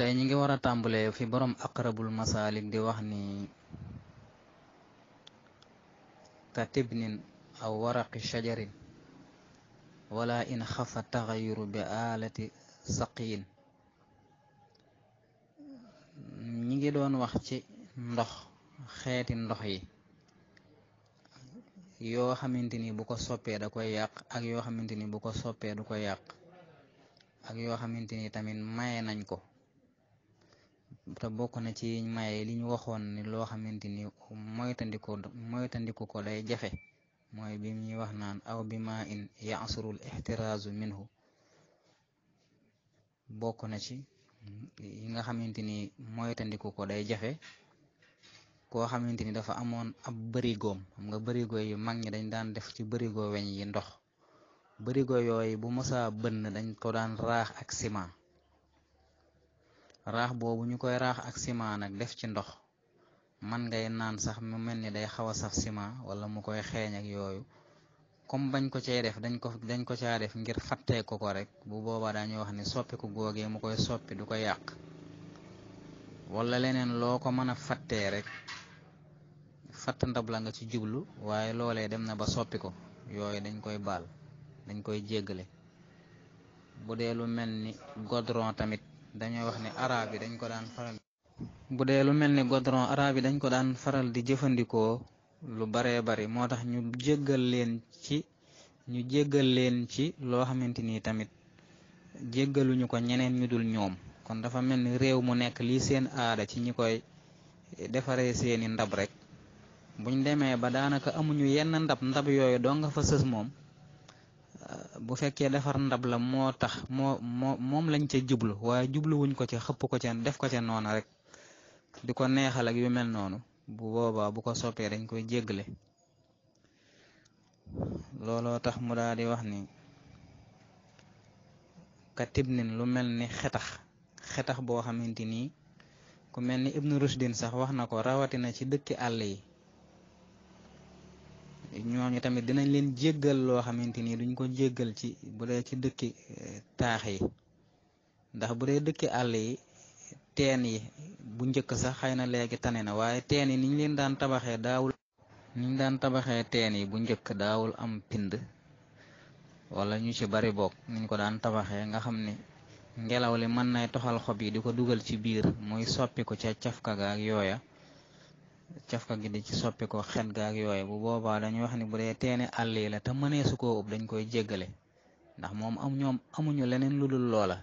tey ñi ngi war a tàmbale fi borom aqrabul masaalik di wax ni ka tibnin aw waraqi shajarin wala in xafa taxayuru bi aalati saqiin ñi ngi doon wax ci ndox xeeti ndox yi yoo xamante ni bu ko soppee da koy yàq ak yoo xamante ni bu ko soppee du ko yàq ak yoo xamante ni tamit maye nañ ko te bokk na ci maye li ñu waxoon ni loo xamante ni moytandiku moytandiku ko day jafe mooy bi ñuy wax naan aw bi ma in yasurul ixtiraazu minhu bokk na ci yi nga xamante ni moytandiku ko day jafe koo xamante ni dafa amoon ab bërigoom xam nga bërigo yi mag ñi dañ daan def ci bërigo weñ yi ndox bërigo yooyu bu mësaa bënn dañ ko daan raax ak ciment raax boobu ñu koy raax ak ciment nag def ci ndox man ngay naan sax mu mel ni day xaw a saf ciment wala mu koy xeeñ ak yooyu comme bañ ko cay def dañ ko dañ ko caa def ngir fàttee ko ko rek bu booba dañuy wax ni soppiku googee mu koy soppi du ko yàq wala leneen loo ko mën a fàttee rek fatt ndab la nga ci jublu waaye loolee dem na ba soppi ko yooyu dañ koy baal dañ koy jéggale bu dee lu mel ni godron tamit dañoo wax ne arab yi dañ ko daan bu dee lu mel ni godron arab yi dañ ko daan faral di jëfandikoo lu baree bari moo tax ñu jéggal leen ci ñu jéggal leen ci loo xamante nii tamit jéggaluñu ko ñeneen ñu dul ñoom kon dafa mel ni réew mu nekk lii seen aada ci ñi koy defaree seeni ndab rek buñ demee ba daanaka amuñu yenn ndab ndab yooyu doo nga fa sës moom bu fekkee defar ndab la moo tax moo moo moom lañ ca jublu waaye jubluwuñ ko ca xëpp ko ca def ko ca noona rek di ko neexal ak yu mel noonu bu boobaa bu ko soppee dañ koy jéggale looloo tax mu daal di wax ni katib nin lu mel ni xetax xetax boo xamante nii ku mel ni ibnu rushdin sax wax na ko rawatina ci dëkki àll yi ñooñu tamit dinañ leen jéggal loo xamante ni duñ ko jéggal ci bu dee ci dëkki eh, taax yi ndax bu dee dëkki àll yi teen yi bu njëkk sax xëy na léegi tane na waaye teen yi niñ leen daan tabaxee daawul niñ daan tabaxee teen yi bu njëkk daawul am pind wala ñu ci bari bokk niñ ko daan tabaxee nga xam ni ngelaw li mën nay toxal xob yi di ko dugal ci biir muy soppi ca cafka ga ak yooya cafka gi ci soppi ko xet gaak yooyu bu boobaa dañuy wax ni bu dee teene àll yi la te mënee su koo ub dañ koy jéggale ndax moom am ñoom amuñu leneen lu dul loola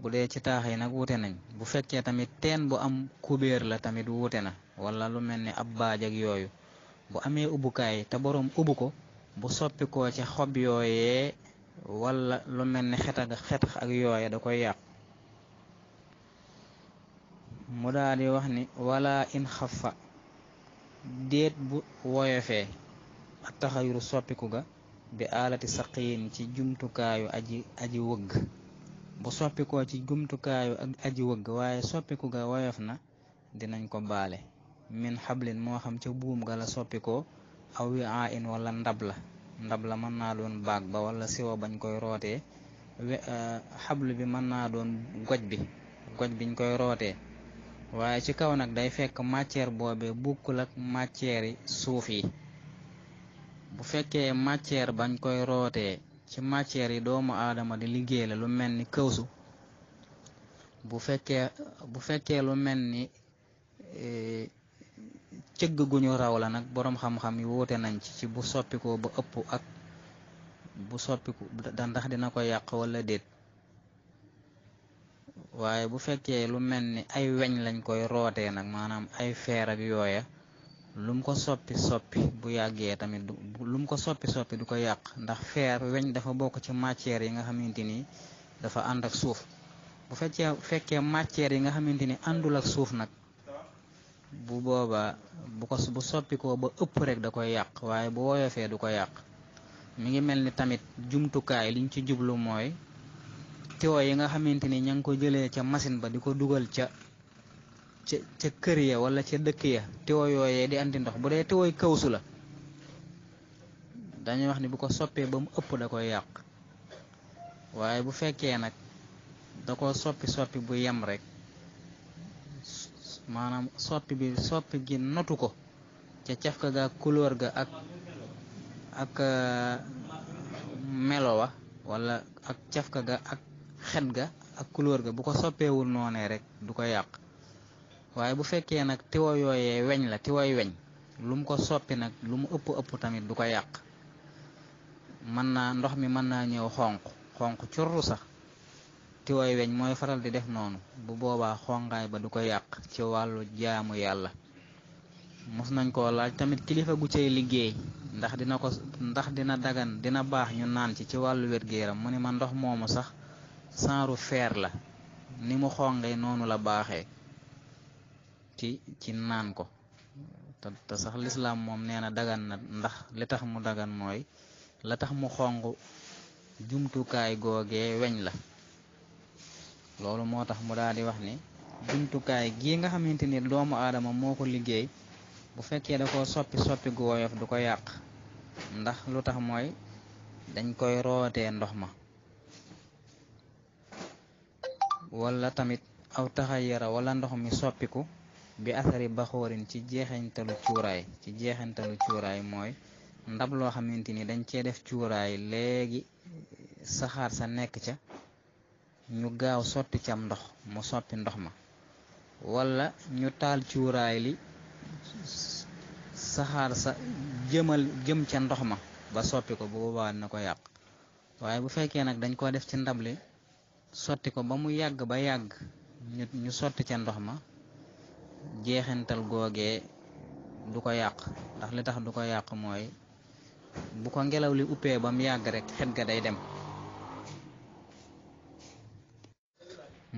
bu dee ci taax yi nag wute nañ bu fekkee tamit teen bu am kubéer la tamit wute na wala lu mel ni ab baaj yooyu bu amee ubbukaay te boroom ubbu ko bu soppi ci xob yooyee wala lu mel ni xet ak xetax da koy yàq mu daal di wax ni wala in xafa déet bu woyofee ak taxayuru soppiku ga bi alati saqiin ci jumtukaayu aji wëgg bu ci jumtukaayu aji wëgg waaye soppiku ga woyof na dinañ ko baale min xablin moo xam ca buum ga la soppikoo aw wi a in wala ndab la ndab la mën naa doon baag ba wala siwo bañ koy roote eh, xablu bi mën naa doon goj bi goj biñ koy rootee waaye ci kaw nag day fekk matière boobe bukkul ak matière yi suuf yi bu fekkee matière bañ koy rootee ci matière yi doomu aadama di liggéey la lu mel ni këwsu bu fekkee bu fekkee lu mel ni e, cëgg gu ñu raw la nag boroom xam-xam yi wuute nañ ci ci bu soppikoo ba ëpp ak bu soppiku ndax dina ko yàq walla déet waaye bu fekkee lu mel ni ay weñ lañ koy rootee nag maanaam ay feer ak yooya lum ko soppi soppi bu yàggee tamit lum ko soppi soppi du ko yàq ndax feer weñ dafa bokk ci matière yi nga xamante ni dafa ànd ak suuf bu fekkee fekkee matière yi nga xamante ni àndul ak suuf nag bu booba bu ko bu soppikoo ba ëpp rek da koy yàq waaye bu woyofee du ko yàq mu ngi mel ni tamit jumtukaay liñ ci jublu mooy tiwo yi nga xamante ni ña ngi ko jëlee ca machine ba di ko dugal ca ca ca kër ya wala ca dëkk ya tiwo yooyee di andi ndox bu dee tiwoy kawsu la dañuy wax ni bu ko soppee ba mu ëpp da koy yàq waaye bu fekkee nag da ko soppi soppi bu yem rek maanaam soppi bi soppi gi notu ko ca caf ka ga couleur ga ak ak euh, melo wa wala ak caf ga ak xet ga ak couleur ga bu ko soppeewul noonee rek du ko yàq waaye bu fekkee nag tiwo yooyee weñ la tiwoy weñ lu mu ko soppi nag lu mu ëpp ëpp tamit du ko yàq mën naa ndox mi mën naa ñëw xonq xonq curru sax tiwoy weñ mooy faral di def noonu bu boobaa xongaay ba du ko yàq ci wàllu jaamu yàlla mos nañ koo laaj tamit kilifa gu cay liggéey ndax dina ko ndax dina dagan dina baax ñu naan ci ci wàllu wér-gu-yaram mu ne ma ndox moomu sax sanru feer la ni mu xonge noonu la baaxe ci ci naan ko te sax lislaam moom nee na dagan na ndax li tax mu dagan mooy la tax mu xong jumtukaay googe weñ la loolu moo tax mu daal di wax ni jumtukaay gii nga xamante ni doomu aadama moo ko liggéey bu fekkee da koo soppi soppi gu woyof du ko yàq ndax lu tax mooy dañ koy rootee ndox ma wala tamit aw taxa yara wala ndox mi soppiku bi asari baxoorin ci jeexantalu cuuraay ci jeexantalu cuuraay mooy ndab loo xamante ni dañ cee def cuuraay léegi saxaar sa nekk ca ñu gaaw sotti ci am ndox mu soppi ndox ma wala ñu taal cuuraay li saxaar sa jëmal jëm ca ndox ma ba soppi ko bu boobaa na ko yàq waaye bu fekkee nag dañ koo def ci ndab li sotti ko ba mu yàgg ba yàgg ñu ñu sotti ca ndox ma jeexintal googee du ko yàq ndax li tax du ko yàq mooy bu ko ngelaw li uppee ba mu yàgg rek xet ga day dem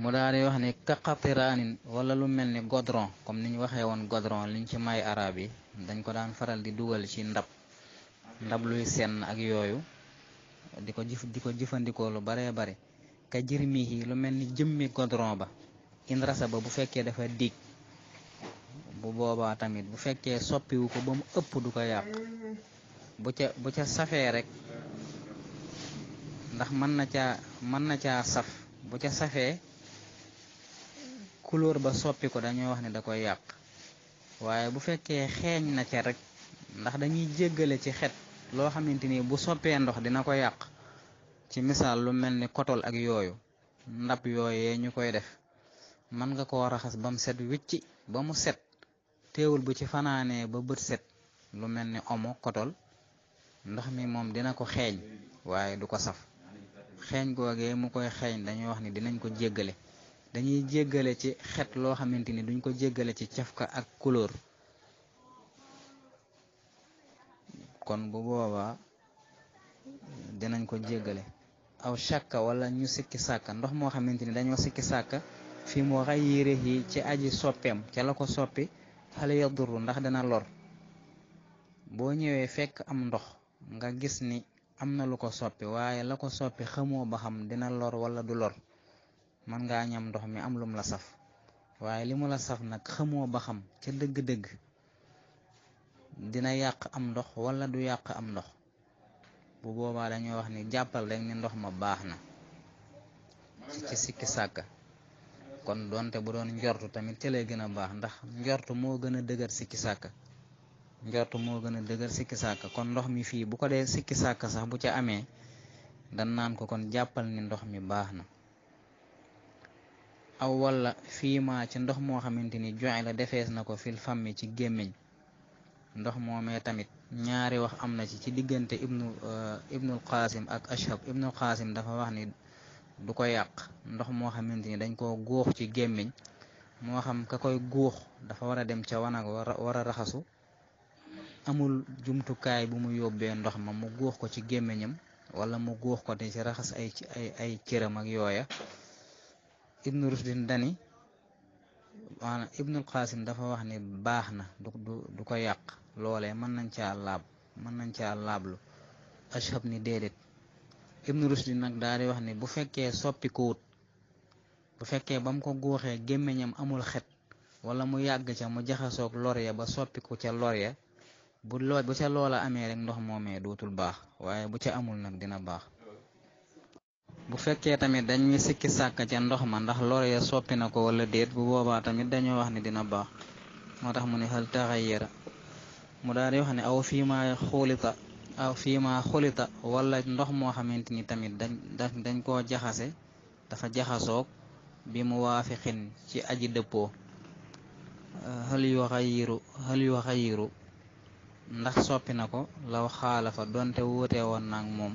mu daa di wax ni kaqatiraanin wala lu mel ni godron comme ni ñu waxee woon godron liñ ci may arab yi dañ ko daan faral di dugal ci ndab ndab luy senn ak yooyu di ko jëfandikoo lu baree bare ka jirmihi lu mel ni jëmmi godron ba in rasa ba bu fekkee dafa digg bu boobaa tamit bu fekkee soppiwu ko ba mu ëpp du ko yàq bu ca bu ca safee rek ndax mën na caa mën na caa saf bu ca safee couleur ba soppi ko dañoo wax ne da koy yàq waaye bu fekkee xeeñ na ca rek ndax dañuy jéggale ci xet loo xamante ni bu soppee ndox dina ko yàq ci misaal lu mel ni kotol ak yooyu ndab yooyee ñu koy def mën nga koo raxas ba mu set wicci ba mu set teewul bu ci fanaanee ba bët set lu mel ni omo kotol ndox mi moom dina ko xeeñ waaye du ko saf xeeñ googee mu koy xeeñ dañuy wax ni dinañ ko jéggale dañuy jéggale ci xet loo xamante ni duñ ko jéggale ci cafka ak couleur kon bu boobaa dinañ ko jéggale aw shakka wala ñu sikki sàkka ndox moo xamante ni dañoo sikki sàkka fi mu xayire yi ci aji soppeem ca la ko soppi xale ya duru ndax dana lor boo ñëwee fekk am ndox nga gis ni am na lu ko soppi waaye la ko soppi xamoo ba xam dina lor wala du lor mën ngaa ñam ndox mi am lum la saf waaye li mu la saf nag xamoo ba xam ca dëgg-dëgg dina yàq am ndox walla du yàq am ndox bu boobaa dañuy wax ni jàppal rek ni ndox ma baax na ci sikki sàkk kon donte bu doon njortu tamit ci lay gën baax ndax njortu moo gën a dëgër sikki sàkk njortu moo gën a dëgër sikki sàkk kon ndox mi fii bu ko dee sikki sàkk sax bu ca amee dan naan ko kon jàppal ni ndox mi baax na aw walla fii ma ci ndox moo xamante ni joxe la defees na ko fil fàmmi ci gémmiñ ndox moomee tamit ñaari wax am na ci ci diggante ibnu euh, ibnul qaasim ak ashab ibnul qaasim dafa wax ni du ko yàq ndox moo xamante ni dañ koo guux ci gémmiñ moo xam ka koy guux dafa war a dem ca wanag war a raxasu amul jumtukaay bu mu yóbbee ndox ma mu guux ko ci gémmiñam wala mu guux ko di ci raxas ay ay ay cëram ak yooya ibnu rusdin dani maanaam ibnul qasim dafa wax ni baax na du du ko yàq loolee mën nañ caa laab mën nañ caa laablu ashab ni déedéet ibnu rushdi nag daal di wax ni bu fekkee soppi wut bu fekkee ba mu ko góoxee gémmiñam amul xet wala mu yàgg ca mu jaxasoog lor ya ba soppiku ca lor ya bu lool bu ca loola amee rek ndox moomee dootul baax waaye bu ca amul nag dina baax bu fekkee tamit dañuy sikki sàkk ca ndox ma ndax lore ya soppi na ko wala déet bu boobaa tamit dañoo wax ne dina baax moo tax mu ne xal taxayara mu daal di wax ne aw fii maa xulita aw fii ndox moo xamante ni tamit dañ dañ koo jaxase dafa jaxasoog bi mu waafi waafiqin ci aji dëppoo xal yu xayiru xal yu xayiru ndax soppi na ko law fa donte wuute woon naag moom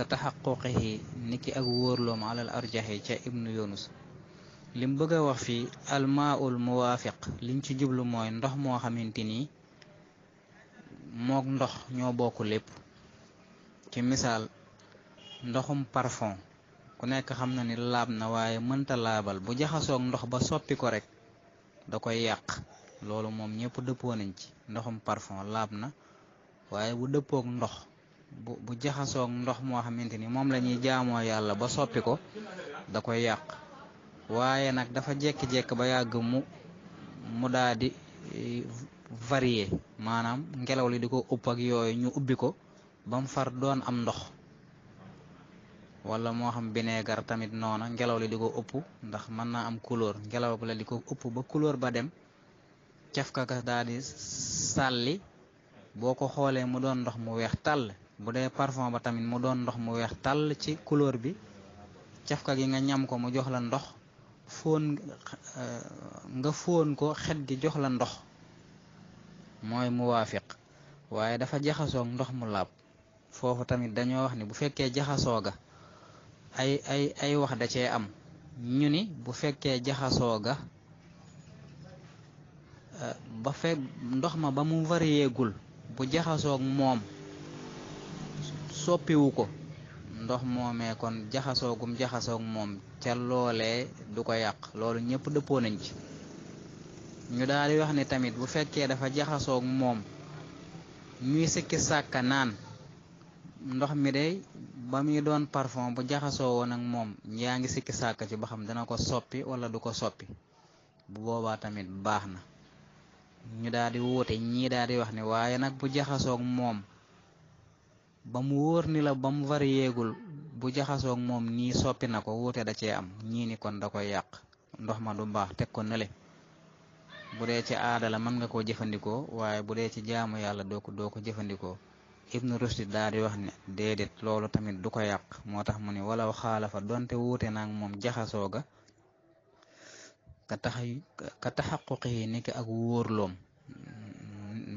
ka taxaquqihi niki ak wóorloom alal arjaxi ca ibnu yunus lim bëgg a wax fii almaaul muwaafiq liñ ci jublu mooy ndox moo xamante ni mook ndox ñoo bokk lépp ci misaal ndoxum parfon ku nekk xam na ni laab na waaye mënta laabal bu jaxasoog ndox ba soppi ko rek da koy yàq loolu moom ñëpp dëppoo nañ ci ndoxum parfon laab na waaye bu dëppook ndox bu bu jaxasoo ndox moo xamante ni moom lañuy jaamoo yàlla ba soppi ko da koy yàq waaye nag dafa jekki-jekki ba yàgg mu mu daa di eh, varier maanaam ngelaw li di ko upp ak yooyu ñu ubbi ko ba mu far doon am ndox walla moo xam bineegar tamit noona ngelaw li di ko upp ndax mën naa am couleur ngelaw la di ko upp ba couleur ba dem caf ka daal di sàlli boo ko xoolee mu doon ndox mu weex tàll bu dee parfum ba tamit mu doon ndox mu weex tàll ci couleur bi cafka gi nga ñam ko mu jox la ndox fóon euh, nga fóon ko xet gi jox la ndox mooy muwaafiq waaye dafa jaxasoog ndox mu laab foofu tamit dañoo wax ni bu fekkee jaxasoo ga ay ay ay wax da cee am ñu ni bu fekkee jaxasoo ga euh, ba fekk ndox ma ba mu variéegul bu jaxasoog moom soppiwu ko ndox moomee kon jaxasoogum jaxasoog moom ca loolee du ko yàq loolu ñëpp dëppoo nañ ci ñu daal di wax ni tamit bu fekkee dafa jaxasoog moom ñuy sikki sàkka naan ndox mi day ba muy doon parfum bu jaxasoo woon ak moom yaa ngi sikki sàkka ci ba xam dana ko soppi wala du ko soppi bu boobaa tamit baax na ñu daal di wuute ñii daal di wax ne waaye nag bu jaxasoog moom ba mu wóor ni la ba mu variyeegul bu jaxasoog moom ñii soppi na ko wuute da cee am ñii ni kon da koy yàq ndox ma du mbaax teg ko nële bu dee ci aada la mën nga koo jëfandikoo waaye bu dee ci jaamu yàlla doo ko doo ko jëfandikoo ibnu rushdi daal di wax ne déedéet loolu tamit du ko yàq moo tax mu ne walaw xaalafa donte wuute naag moom jaxasooga ka tax ka taxaquqi ak wóorloom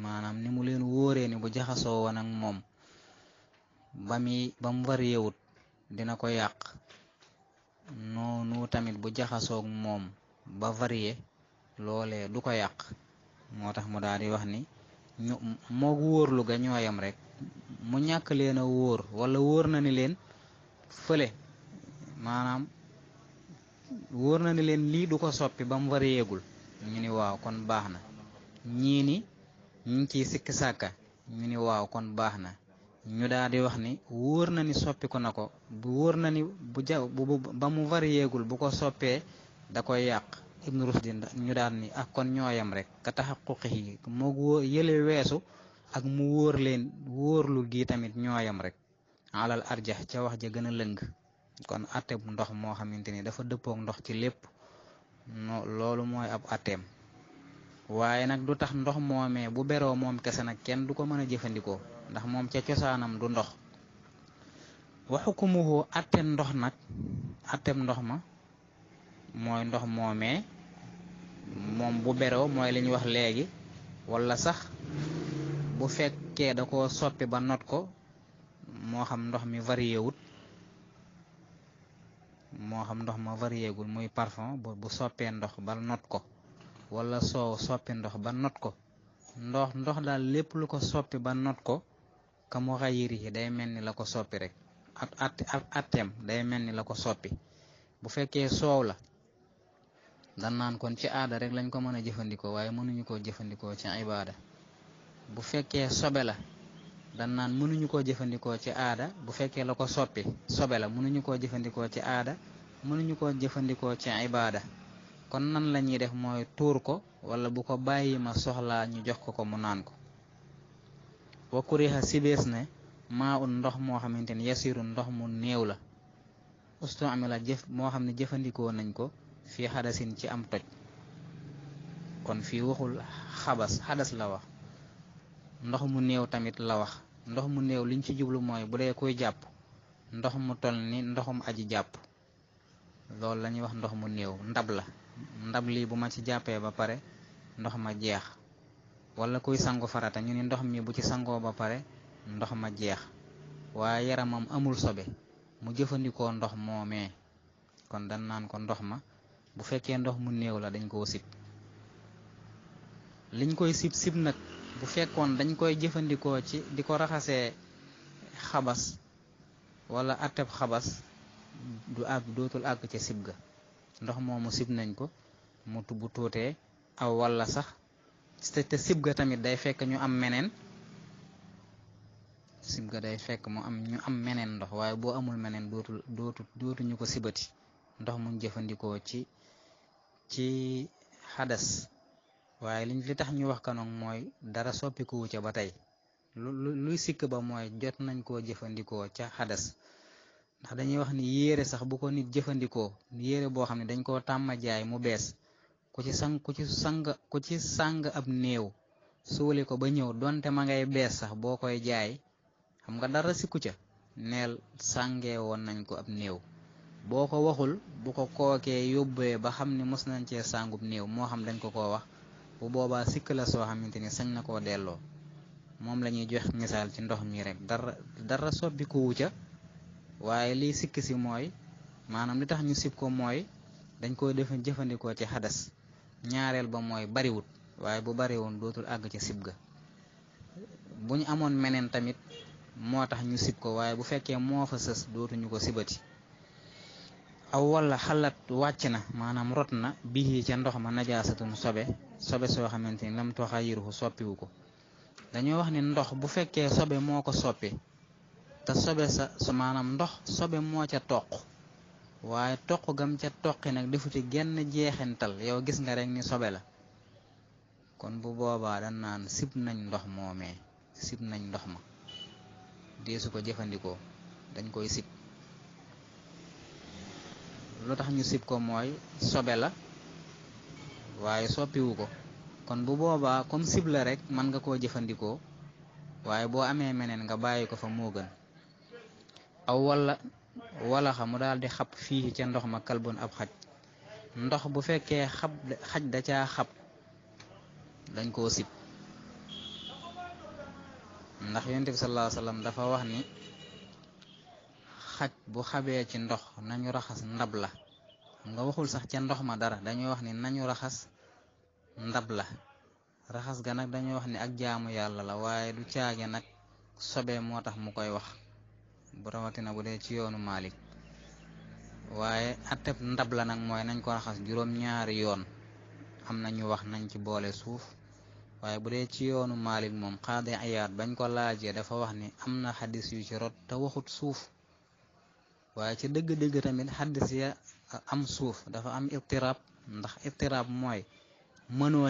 maanaam ni mu leen wóoree ni bu jaxasoo woon ak moom ba muy ba mu dina ko yàq noonu tamit bu jaxasoog moom ba varié loole du ko yàq moo tax mu daal wax ni ñu moog wóorlu ga ñooyam rek mu ñàkk leen a wóor wala wóor na ni leen fële maanaam wóor na ni leen lii du ko soppi ba mu variégul ñu ni waaw kon baax na ñii ni ñu ngi ciy sikki sàkka ñu ni waaw kon baax na ñu daal di wax ni wóor na ni soppiku na ko bu wóor na ni bu ja bu ba mu variéegul bu ko soppee da koy yàq ibnu rusdi ñu daal ni ak ah, kon ñooyam rek ka taxaquqi yi moo wóor yële weesu ak mu wóor leen wóorlu gii tamit ñooyam rek alal arja ca wax ja gën lëng kon atte ndox moo xamante ni dafa dëppook ndox ci lépp no loolu mooy ab atteem waaye nag du tax ndox moomee bu beroo moom kese nag kenn du ko mën a jëfandikoo ndax moom ca cosaanam du ndox wa xukumuhu atteem ndox nag atteem ndox ma mooy ndox moomee moom bu beroo mooy li ñu wax léegi walla sax bu fekkee da ko soppi ba not ko moo xam ndox mi varié wut moo xam ndox ma varié gul muy parfum bu soppee ndox ba not ko wala soow soppi ndox ba not ko ndox ndox daal lépp lu ko soppi ba not ko ka mu xayiri yi day mel ni la ko soppi rek ak at ak day mel ni la ko soppi bu fekkee soow la dan naan kon ci aada rek lañ ko mën a jëfandikoo waaye mënuñu koo jëfandikoo ci ibaada bu fekkee sobe la dan naan mënuñu koo jëfandikoo ci aada bu fekkee la ko soppi sobe la mënuñu ko jëfandikoo ci aada mënuñu koo jëfandikoo ci ibaada kon nan lañuy def mooy tuur ko wala bu ko bàyyi ma soxlaa ñu jox ko ko mu naan ko wa kuriha sibees ne maa un ndox moo xamante ne yasiru ndox mu néew la ustamila jëf moo xam ne jëfandikoo nañ ko fii xadasin ci am toj kon fii waxul xabas xadas la wax ndox mu néew tamit la wax ndox mu néew liñ ci jublu mooy bu dee koy jàpp ndox mu toll ni ndoxum aji jàpp loolu lañuy wax ndox mu néew ndab la ndab lii bu ma ci jàppee ba pare ndox ma jeex walla kuy sangu farata ñu ni ndox mi bu ci sangoo ba pare ndox ma jeex waaye yaramam amul sobe mu jëfandikoo ndox moomee kon dan naan ko ndox ma bu fekkee ndox mu néew la dañ koo sib liñ koy sib sib nag bu fekkoon dañ koy jëfandikoo ci di ko raxasee xabas wala atteb xabas du àgg dootul àgg ca sib ga ndox moomu sib nañ ko mu bu tuutee aw walla sax te sib ga tamit day fekk ñu am meneen sib ga day fekk mu am ñu am meneen ndox waaye boo amul meneen dootul dootu dootuñu ko sibati ndox mu jëfandikoo ci ci xadas waaye liñ li tax ñu wax kanoog mooy dara soppikuwu ca ba tey lu luy sikk ba mooy jot nañ koo jëfandikoo ca xades ndax dañuy wax ni yére sax bu ko nit jëfandikoo yére boo xam ne dañ koo tàmma jaay mu bees ku ci sang ku ci sang ku ci sàng ab néew suuli ko ba ñëw donte ma ngay bees sax boo koy jaay xam nga dara sikku ca neel sàngee woon nañ ko ab néew boo ko waxul bu ko kookee yóbbee ba xam ne mos nañ cee sàngub néew moo xam dañ ko ko wax bu boobaa sikk la soo xamante ni sañ na koo delloo moom lañuy ñuy jox misaal ci ndox mi rek dara soppi kuwu ca waaye liy sikk si mooy maanaam li tax ñu sib ko mooy dañ koo def jëfandikoo ci xadas ñaareel ba mooy bariwut waaye bu woon dootul àgg ca sib ga bu ñu amoon meneen tamit moo tax ñu sib ko waaye bu fekkee moo fa sës dootuñu ko sibati aw wala xalaat wàcc na maanaam rot na bii ca ndox ma najaasatun sobe sobe soo xamante ni lam toxayiruhu soppiwu ko dañoo wax ne ndox bu fekkee sobe moo ko soppi te sobe sa su ndox sobe moo ca toq waaye toq gam ca toqi nag defu ci genn jeexantal yow gis nga rek ni sobe la kon bu boobaa dan naan sib nañ ndox moomee sib nañ ndox ma deesu ko jëfandikoo dañ koy sib lu tax ñu sib ko mooy sobe la waaye soppiwu ko kon bu boobaa comme sib la rek mën nga koo jëfandikoo waaye boo amee meneen nga bàyyi ko fa moo gën aw wala walaxa mu daal di xab fii ca ndox ma kalbon ab xaj ndox bu fekkee xab xaj da ca xab dañ koo sib ndax yonent bi sallallahu alayhi dafa wax ni xaj bu xabee ci ndox nañu raxas ndab la nga waxul sax ca ndox ma dara dañuy wax ni nañu raxas ndab la raxas ga nag dañuy wax ni ak jaamu yàlla la waaye du caage nag sobe moo tax mu koy wax bu rawatina bu dee ci yoonu Malik waaye atteb ndab la nag mooy nañ ko raxas juróom-ñaari yoon am nañu wax nañ ci boole suuf waaye bu dee ci yoonu Malik moom xaada ayaat bañ ko laajee dafa wax ni am na xaddis yu ci rot te waxut suuf waaye ci dëgg-dëgg tamit xaddis ya am suuf dafa am ibtiraab ndax ibtiraab mooy mënoo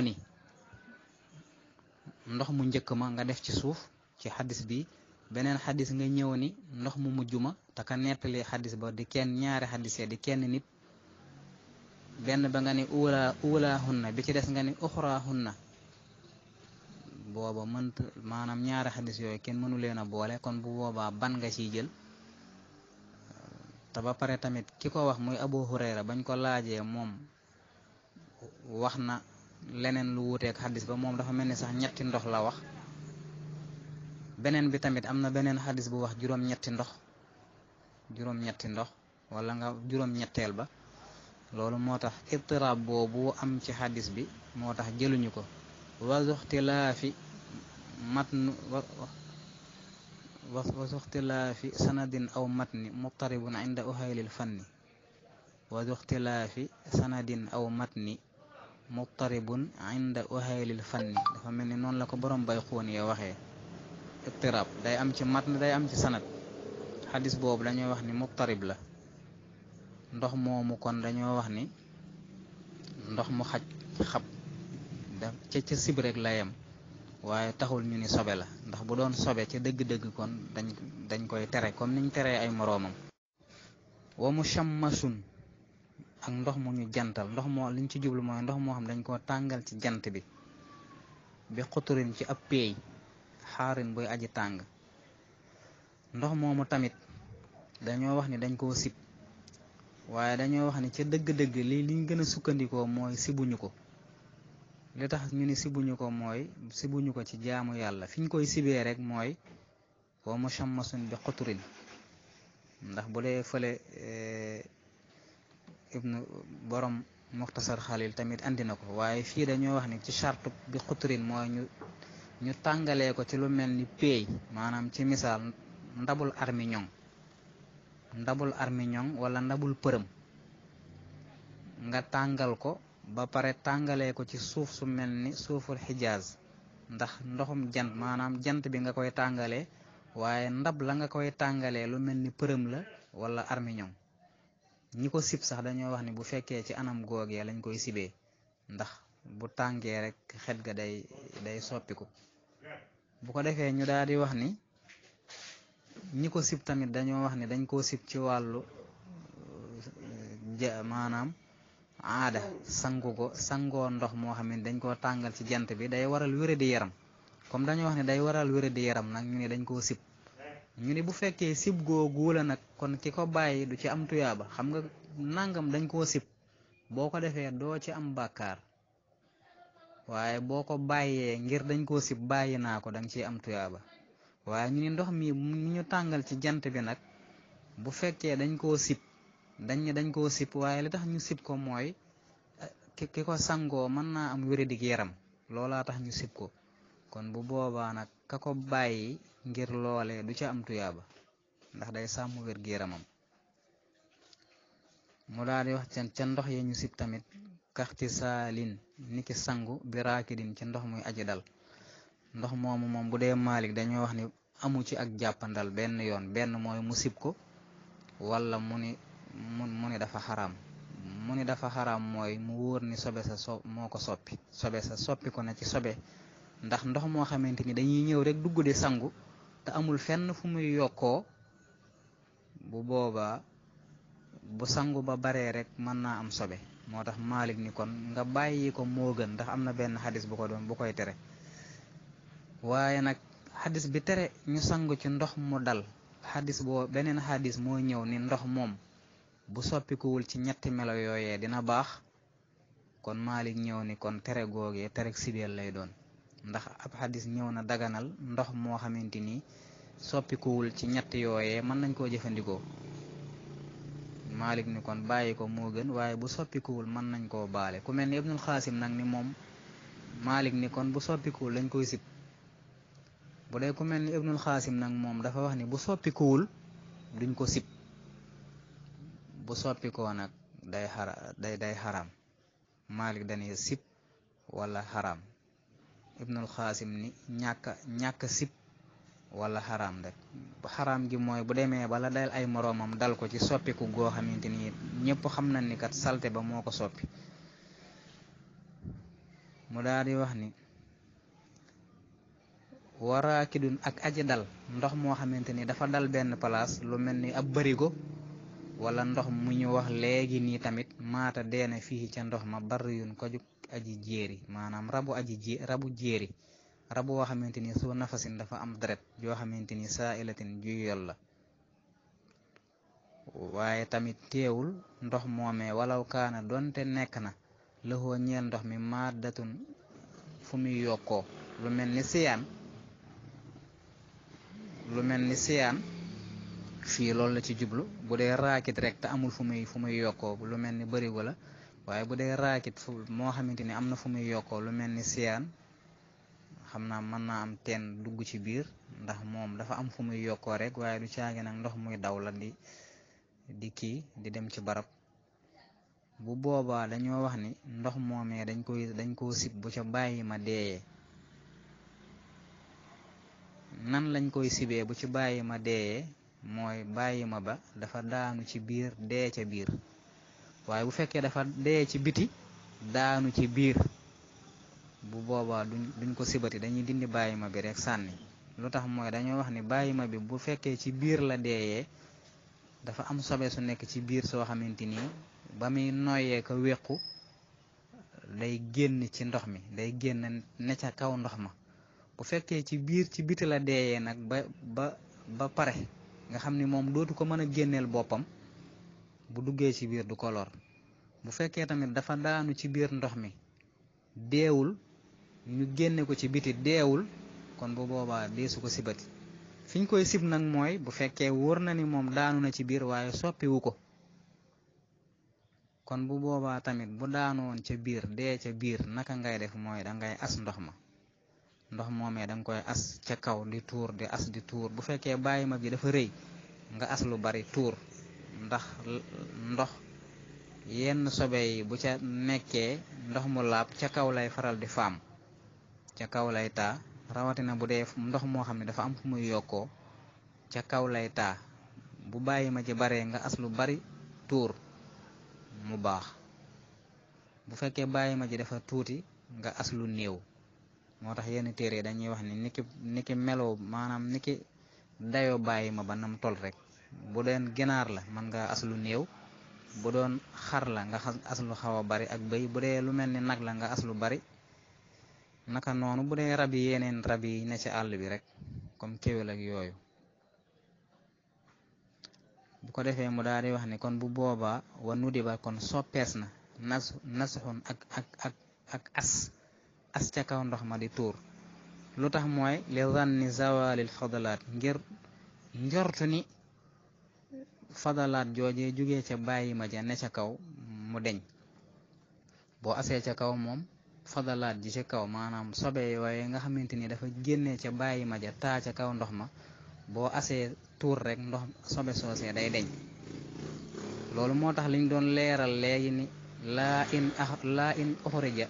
ndox mu njëkk ma nga def ci suuf ci xaddis bi beneen xadis nga ñëw ni ndox mu mujj ma te ka nettali xadis ba di kenn ñaari xadis di kenn nit benn ba nga ni ula na bi ci des nga ni na booba mënt maanaam ñaari xadis yooyu kenn mënu leen a boole kon bu boobaa ban nga ciy jël te ba pare tamit ki ko wax muy Abu Hurayra bañ ko laajee moom wax na leneen lu wuuteeg xadis ba moom dafa mel ni sax ñetti ndox la wax beneen bi tamit am na beneen xadis bu wax juróom-ñetti ndox juróom ndox wala nga juróom-ñetteel ba loolu moo tax itiraab boobu am ci xadis bi moo tax jëluñu ko wasuxtilaafi matnu wasuxtilaafi sanadin aw matni muqtaribun inda uhaylil fanni wasuxtilaafi sanadin aw matni muqtaribun inda uhaylil fanni dafa mel ni noonu la ko borom bay xuun yee waxee iqtirab day am ci matn day am ci sanat xadis boobu dañuy wax ni muqtarib la ndox moomu kon dañoo wax ni ndox mu xaj xab da ca ca sib rek waaye taxul ñu ni sobe la ndax bu doon sobe ca dëgg-dëgg kon dañ dañ koy tere comme niñ teree ay moroomam wa mu ak ndox mu ñu jantal ndox moo liñ ci jublu mooy ndox moo xam dañ koo tàngal ci jant bi bi xuturin ci ab xaarin buy aji tàng ndox moomu tamit dañoo wax ni dañ koo sib waaye dañoo wax ni ca dëgg-dëgg li liñ gën a sukkandikoo mooy sibuñu ko li tax ñu ni sibuñu ko mooy sibuñu ko ci jaamu yàlla fi ñu koy sibee rek mooy wa musammasun bi xuturin ndax bu dee fële eh, ibnu borom muxtasar xalil tamit andi na ko waaye fii dañoo wax ni ci charte bi xuturin mooy ñu ñu tàngalee ko ci lu mel ni péey maanaam ci misaal ndabul armiñoŋ ndabul armiñoŋ wala ndabul përëm nga tàngal ko ba pare tàngalee ko ci suuf su mel ni suuful xijaas ndax ndoxum jant maanaam jant bi nga koy tàngalee waaye ndab la nga koy tàngalee lu mel ni përëm la wala armiñoŋ ñi ko sib sax dañoo wax ni bu fekkee ci anam googee lañ koy sibee ndax bu tàngee rek xet ga day day soppiku bu ko defee ñu daal di wax ni ñi ko sib tamit dañoo wax ni dañ koo sib ci wàllu maanaam aada sangu ko sangoo ndox moo xam ne dañ koo tàngal ci jant bi day waral wére di yaram comme dañoo wax ne day waral wére di yaram nag ñu ne dañ koo sib ñu ne bu fekkee sib googu la nag kon ki ko bàyyi du ci am tuyaaba xam nga nangam dañ koo sib boo ko defee doo ci am bàkkaar waaye boo ko bàyyee ngir dañ koo sip bàyyi naa ko danga ciy am tuyaaba waaye ñu ni ndox mi ñu tàngal ci jant bi nag bu fekkee dañ ko sip dañ ne dañ koo sib waaye li tax ñu sib ko mooy eh, ki ko sangoo mën naa am wéradik yaram loolaa tax ñu sib ko kon bu boobaa nag ka ko bàyyi ngir loole du ca am ba ndax day sàmm wér-gi-yaramam mu daal di wax ca ndox ya ñu sib tamit kaxti saalin niki sangu bi ci ndox muy aji dal ndox moomu moom bu dee maalik dañuy wax ni amu ci ak jàppandal benn yoon benn mooy mu sib ko walla mu ni mu ni dafa xaraam mu dafa xaraam mooy mu wóor sobe sa so moo ko soppi sobe sa soppi na ci sobe ndax ndox moo xamante ni dañuy ñëw rek dugg di sangu te amul fenn fu muy yokkoo bu boobaa bu sangu ba baree rek mën naa am sobe moo tax maalig ni kon nga bàyyi ko moo gën ndax am na benn xadis bu ko doon bu koy tere waaye nag xadis bi tere ñu sangu ci ndox mu dal xadis boo beneen xadis mooy ñëw ni ndox moom bu soppikuwul ci ñetti melo yooye dina baax kon Malik ñëw ni kon tere googee tere sibeel lay doon ndax ab xadis ñëw na daganal ndox moo xamante ni soppikuwul ci ñett yooye mën nañ koo jëfandikoo Malik ni kon bàyyi ko moo gën waaye bu soppikuwul mën nañ koo baale ku mel ni Ibnul Xaasim nag ni moom Malik ni kon bu soppikuwul lañ koy sib bu ku mel ni Ibnul Xaasim nag moom dafa wax ni bu soppikuwul duñ ko sib bu soppikoo nag day xara day day xaram Malik dañuy sib wala xaram Ibnul Xaasim ni ñàkk ñàkk sib wala xaraam rek xaraam gi mooy bu demee bala dal ay moroomam dal ko ci soppiku goo xamante ni ñëpp xam nañ ni kat salte ba moo ko soppi mu daal wax ni waraakidun ak aji dal ndox moo xamante ni dafa dal benn palaas lu mel ni ab barigo wala ndox mu ñu wax léegi nii tamit maata deena fii ca ndox ma bariyun ko aji jéeri maanaam rabu aji jéeri rab woo xamante ni soo nafasin dafa am deret joo xamante ni saa ilatin ju yol la waaye tamit teewul ndox moomee walaw kaana donte nekk na lëxoo ñeel ndox mi maaddatun fu muy yokkoo lu mel ni siyaan lu mel ni siyaan fii loolu la ci jublu bu dee raakit rek amul fu muy muy yokkoo lu mel ni bërigo la waaye bu dee raakit moo xamante ni am na fu muy yokkoo lu mel ni siyaan xam naa man naa am teen dugg ci biir ndax moom dafa am fu muy yokkoo rek waaye du caagi nag ndox muy daw la di di kii di dem ci barab bu boobaa dañoo wax ni ndox moomee dañ koy dañ koo sib bu ca bàyyi ma deeyee nan lañ koy sibee bu ci bàyyi ma deeyee mooy bàyyi ma ba dafa daanu ci biir dee ca biir waaye bu fekkee dafa dee biti daanu ci biir bu boobaa duñ duñ ko sibati dañuy dindi bàyyi ma bi rekk sànni lu tax mooy dañoo wax ni bàyyi ma bi bu fekkee ci biir la deeyee dafa am sobe su nekk ci biir soo xamante ni ba muy noyee ko wéqu day génn ci ndox mi day génn ne ca kaw ndox ma bu fekkee ci biir ci biti la deeyee nag ba ba ba pare nga xam ni moom dootu ko mën a génneel boppam bu duggee ci biir du ko bu fekkee tamit dafa daanu ci biir ndox mi deewul ñu génne ko ci biti deewul kon bu boobaa deesu ko sibati fi ñu koy sib nag mooy bu fekkee wóor na ni moom daanu na ci biir waaye soppiwu ko kon bu boobaa tamit bu daanoon ca biir dee ca biir naka ngay def mooy da ngay as ndox ma ndox moomee da nga koy as ca kaw di tuur di as di tuur bu fekkee bàyyi ma bi dafa rëy nga as lu bari tuur ndax ndox yenn sobe yi bu ca nekkee ndox mu laab ca kaw lay faral di faam ca kaw lay taa rawatina bu dee ndox moo xam ne dafa am fu muy yokkoo ca kaw lay taa bu bàyyi ma ci baree nga as lu bari tuur mu baax bu fekkee bàyyi ma ji dafa tuuti nga as lu néew moo tax yenn téere dañuy wax ni niki niki meloo maanaam niki dayoo bàyyi ma ba nam tol rek bu doon ginaar la mën nga as lu néew bu doon xar la nga as lu xaw a bari ak bëy bu dee lu mel ni nag la nga as lu bari naka noonu bu dee rab yi yeneen rab yi ne ci àll bi rek comme kéwél ak yooyu bu ko defee mu daal di wax ne kon bu boobaa wa nu kon soppees na nas nasuxun ak ak ak as ca kaw ndox ma di tuur lu tax mooy li zanni zawalil fadalaat njortu ni fadalaat joojee jugee ca bàyyi ma ja ne ca kaw mu deñ boo asee ca kaw moom fadalaat ji ca kaw maanaam sobe yooye nga xamante ni dafa génnee ca bàyyi ma ja taa ca kaw ndox ma boo asee tuur rekk ndox sobe soosee day deñ loolu moo tax liñ doon leeral léegi ni laa in a laa in oxorija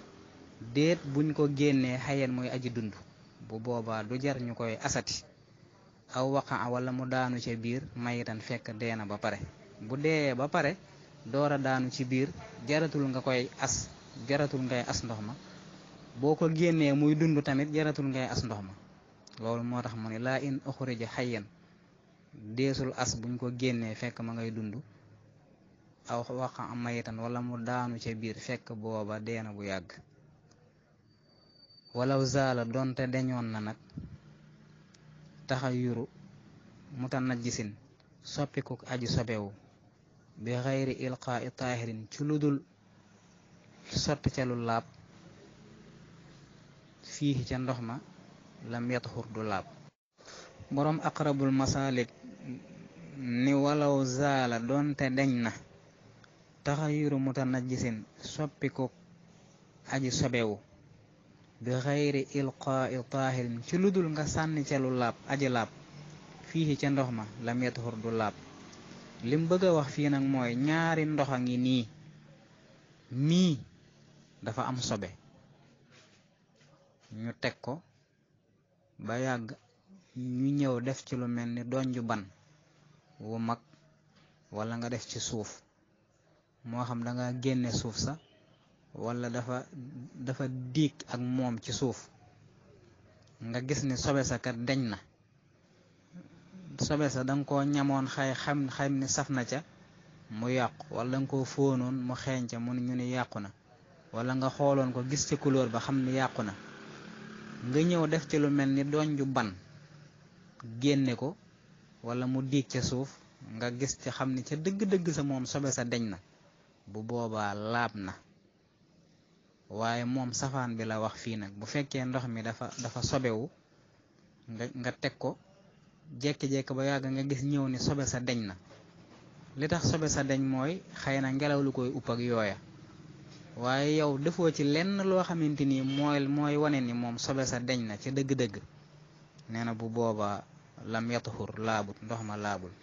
déet buñ ko génnee xayeen mooy aji dund bu boobaa du jar ñu koy asati aw waqa wala mu daanu ca biir maytan fekk dee na ba pare bu dee ba pare door daanu ci biir jaratul nga koy as jaratul ngay as ndox ma boo ko génnee muy dund tamit jaratul ngay as ndox ma loolu moo tax mu ne laa in uxrija xayyan deesul as buñ ko génnee fekk ma ngay dund aw wax am wala mu daanu ca biir fekk booba deena bu yàgg walaw zaala donte deñoon na nag taxa yuru muta najjisin soppikuk aji sobewu bi xayri ilqaa i taahirin ci ludul sotti ca lu laab fiihi ca ndox ma lam yatxur du laab boroom aqrabul masaalik ni walaw zaala doonte deñ na taxayuru mutanajisin soppiku aji sobewu bi xayri ilqaa'i taahirin ci ludul nga sànni ca laab aji laab fii ca ndox ma lam yatxur du laab lim bëgg wax fii nag mooy ñaari ndox a ngi nii mii dafa am sobe ñu teg ko ba yàgg ñu ñëw def ci lu mel ni donju ban wu mag walla nga def ci suuf moo xam danga génne suuf sa walla dafa dafa diig ak moom ci suuf nga gis ni sobe sa kat deñ na sobe sa danga koo ñamoon xay xam xam ni saf na ca mu yàqu wala danga koo fóonoon mu xeeñ ca mu ñu ni yàqu na wala nga xooloon ko gis ci couleur ba xam ni yàqu na nga ñëw def ci lu mel ni doon ju ban génne ko walla mu diig ca suuf nga gis ci xam ni ca dëgg-dëgg sa moom sobe sa deñ na bu boobaa laab na waaye moom safaan bi la wax fii nag bu fekkee ndox mi dafa dafa sobewu nga nga teg ko jékki-jékki ba yàgg nga gis ñëw ni sobe sa deñ na li tax sobe sa deñ mooy xëy na ngelaw lu koy upp ak yooya waaye yow defoo ci lenn loo xamante ni mooy mooy wane ni moom sobe sa deñ na ca dëgg-dëgg nee na bu booba lam yatuxur laabut ndox ma laabul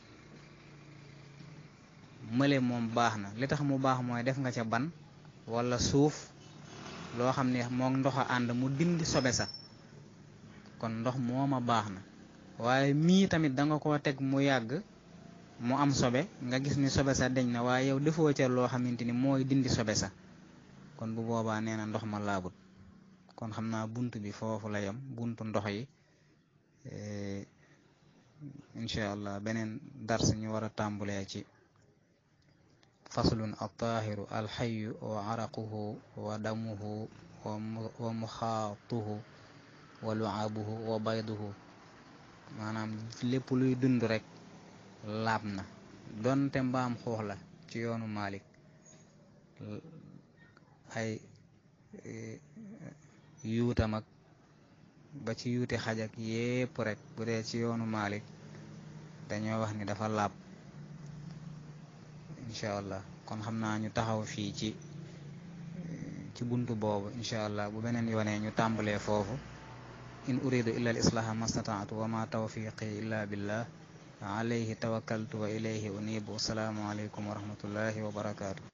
mële moom baax na li tax mu baax mooy def nga ca ban walla suuf loo xam ne moom ndox a ànd mu dindi sobe sa kon ndox mooma baax na waaye mii tamit danga nga koo teg mu yàgg mu am sobe nga gis ni sobe sa deñ na waaye yow defoo ca loo xamante ni mooy dindi sobe sa kon bu boobaa nee na ndox ma laabut kon xam naa bunt bi foofu la yem buntu ndox yi eh, incha allah beneen dars ñu war a tàmbulee ci faslun attaahiru alxayu wa araquhu wa damuhu wa muxaatuhu wa luaabuhu wa bayduhu maanaam lépp luy dund rek laab na donte mbaam xuux la ci yoonu Malik ay eh, yuutam ak ba ci yuuti xajak ak yépp rek bu dee ci yoonu Malik dañoo wax ni dafa laab incha allah kon xam naa ñu taxaw fii ci ci buntu boobu incha allah bu beneen yoonee ñu tàmbalee foofu in uridu illa al islaha mastataatu wa ma illa billah alayhi tawakkaltu wa ilayhi unibu asalaamu aleykum wa wa barakaatu